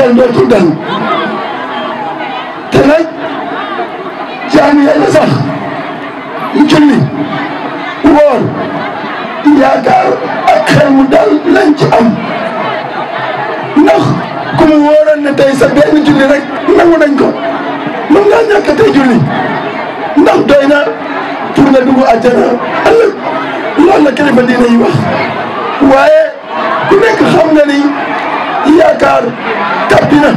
xel dootul dal te nag jaami yàlla sax mu julli woor yaakaar ak xel dal lañ ci am ndax ku mu wóoroon tey sa benn julli rek nangu nañ ko mën ngaa ñàkk tey julli ndax doy na pour nga dugg àjjana ëllëg loolu la kilifa diine yi wax waaye ku nekk xam na ni yaakaar dina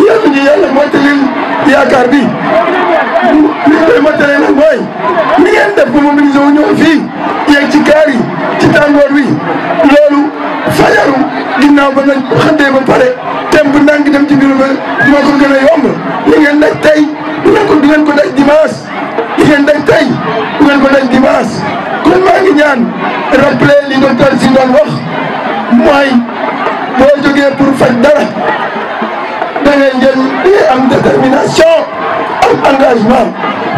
iya, yàlla ñu yàlla moytalil yaakaar bi li ñu koy moytalee nag mooy ni ngeen kan def ko mobilisé wu ñëw fii yeeg ci kaar yi ci tàngoor wi loolu fajaru ginnaaw ba nañ xëddee ba pare tem bu ndànk dem ci biir ba moo ko gën a yomb li ngeen kan daj tey du ngeen ko du ngeen ko daj dimanche li ngeen daj tey ngeen ko daj dimanche kan kon maa ngi ñaan rappeler li docteur Sindo engagement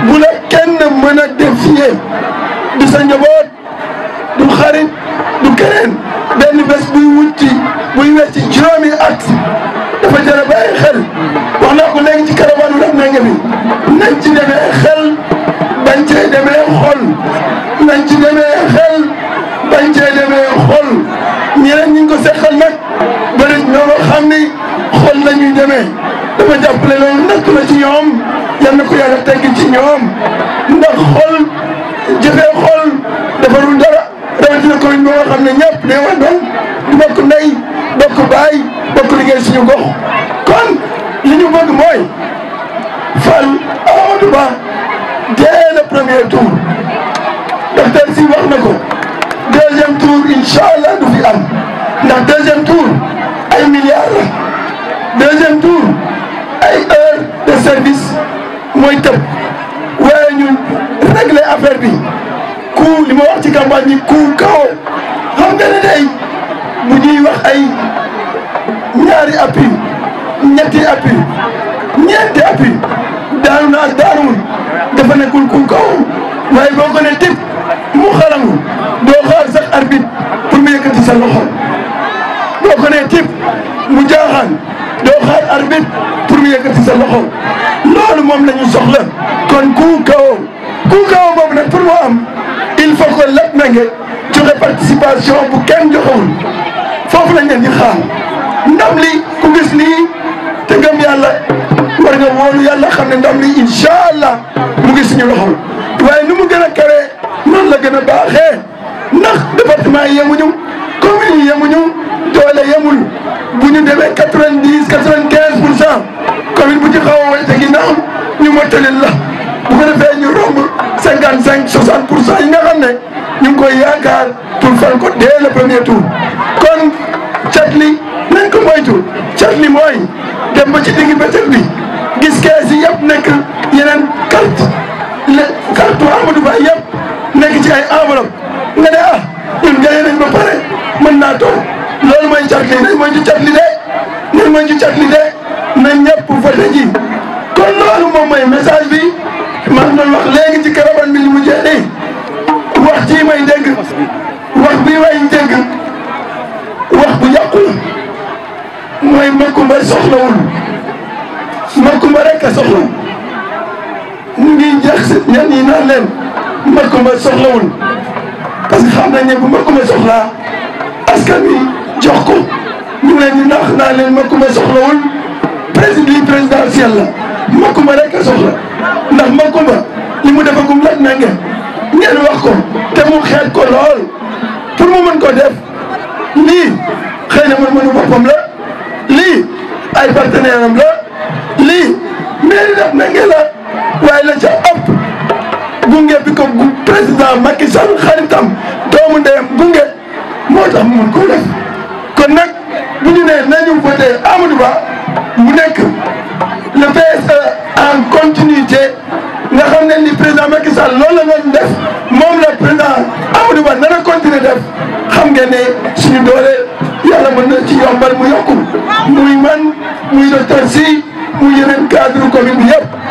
bu la kenn mën a défier du sa njaboot du xarit du keneen benn bés buy wuti buy wér ci juróomi at dafa jar a bàyyi xel wax naa ko léegi ci caravane bi def na nga fi nañ ci demee xel bañ cee demee xol nañ ci demee xel bañ cee demee xol ñeneen ñi ko seqal nag bëri ñoo xam ni xol la ñuy demee dafa jàppale loolu nekk na ci ñoom. yal na ko yàlla tegg ci ñoom ndax xol jëfee xol defarul dara rawatina commune bi nga xam ne ñëpp dañoo àndoon di bokk ndey bokk baay bokk liggéey suñu gox. kon li ñu bëgg mooy fal Amadou Ba dès le premier tour docteur si wax na ko deuxième tour incha allah du fi am ndax deuxième tour ay milliards la tour. itam waaye ñu réglé affaire bi ku li ma wax ci campagne bi ku kaw xam nga ne day bu wax ay ñaari appui ñetti appui ñeenti appui daanu naa daanuwul dafa nekkul ku kaw waaye boo ko ne tip mu xalangu doo xaar sax arbitre pour mu yëkkati sa loxo boo ko ne tip mu jaaxaan doo xaar arbitre pour mu yëkkati sa loxo moom la ñu soxla kon ku kaw ku kaw boobu nag pour moo am il faut que lépp na ngeen joxe participation bu kenn joxewul foofu lañ leen di xaar ndam li ku gis nii te gëm yàlla war nga wóolu yàlla xam ne ndam li incha allah mu ngi suñu loxo waaye nu mu gën a kawee noonu la gën a baaxee ndax département yi yemuñu commune yi yemuñu doole yemul bu ñu demee quatre-vingt-dix quatre-vingt-quinze mottalil la bu ko defee ñu romb cinquante cinq soixante pour cent yi nga xam ne ñu ngi koy yaakaar pour fal ko dès le premier tour kon catli nañ moytu catli mooy dem ba ci digg bëccëg bi gis kees yi yëpp nekk yeneen carte le carte Amadou Ba yëpp nekk ci ay enveloppe nga ne ah ñun gagné nañ ba pare mën naa toog loolu mooy catli nañ moytu catli de nañ moytu catli de nañ ñëpp voté ji mooy message bi man doon wax léegi ci caravane bi li mu jeexee wax ji may dégg wax bii may dégg wax bu yàqu la mooy Makumba soxlawul Makumba rek a soxla ñu ngi jeex si ñenn ñi naan leen Makumba soxlawul parce que xam nañ ne Makumba naa leen Makumba soxlawul président présidentiel la. Makumba rek a soxla ndax Makumba li mu defagum laaj na ngeen ngeen wax ko te mu xeet ko lool pour mu mën ko def lii xëy na mën-mënu boppam la lii ay partenaire am la lii mairie def na ngeen la waaye la ca ëpp gunge bi ko président Macky Sall xaritam doomu ndeyam gunge moo tax mu mën koo def kon nag bu ñu nee nañu voté Amadou Ba. budget nga xam ne ni président Macky Sall loolu la doon def moom la président Amadou Ba nar a continuer def xam ngeen ne suñu doole yàlla mën na ci yombal mu yokku muy man muy docteur si muy yeneen cadre commune bi yëpp.